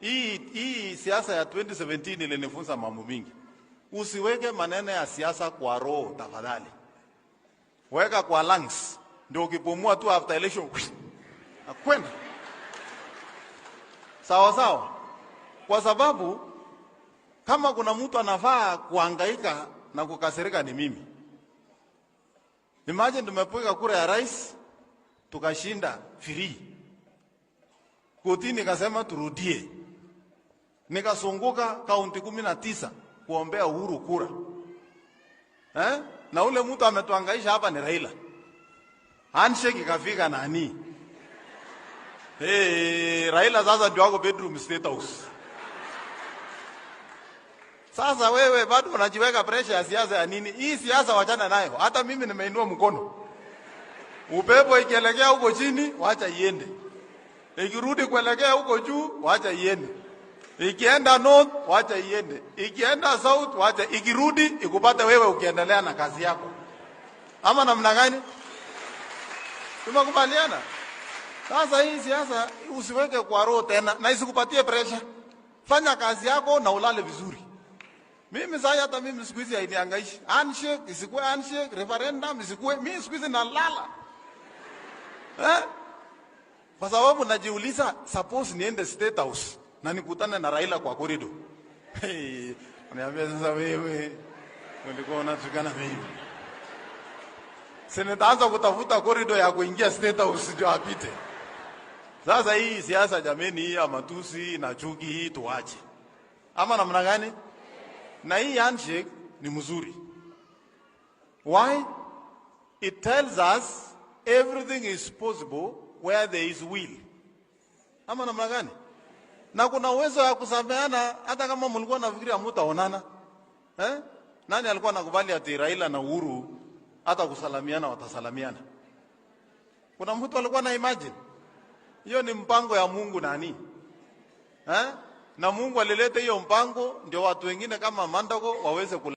Hii, hii siasa ya 2017 ilinifunza mambo mingi. Usiweke maneno ya siasa kwa roho tafadhali, weka kwa lungs, ndio ukipumua tu after election akwenda sawa sawa, kwa sababu kama kuna mtu anafaa kuangaika na kukasirika ni mimi. Imagine tumepiga kura ya rais tukashinda free, kotini kasema turudie nikazunguka kaunti kumi na tisa kuombea uhuru kura eh? na ule mtu ametuangaisha hapa ni Raila, handshake ikafika nani? Hey, Raila sasa ndio wako bedroom state house. Sasa wewe bado unajiweka pressure ya siasa ya nini? Hii siasa wachana nayo. Hata mimi nimeinua mkono, upepo ikielekea huko chini, wacha iende, ikirudi kuelekea huko juu, wacha iende. Ikienda north wacha iende, ikienda south wacha, ikirudi ikupate wewe ukiendelea na kazi yako, ama namna gani? Tumekubaliana. Sasa hii siasa usiweke kwa roho tena, na isikupatie pressure. Fanya kazi yako na ulale vizuri. Mimi sasa hata mimi siku hizi hainiangaishi. Handshake isikuwe handshake, referendum isikuwe, mimi siku hizi nalala. Eh? Kwa sababu najiuliza suppose niende state house na nikutane na Raila kwa korido. Hey, niambia sasa wewe ulikuwa unatukana mimi. Sinitaanza kutafuta korido ya kuingia state house ndio apite. Sasa hii siasa jameni, hii ya matusi na chuki hii tuache. Ama namna gani? Na hii handshake ni mzuri. Why? It tells us everything is possible where there is will. Ama namna gani? na kuna uwezo wa kusameana hata kama mlikuwa nafikiria hamtaonana eh? Nani alikuwa anakubali ati Raila na Uhuru hata kusalamiana watasalamiana? Kuna mtu alikuwa na imagine hiyo ni mpango ya Mungu nani eh? Na Mungu alileta hiyo mpango ndio watu wengine kama Mandago waweze kula.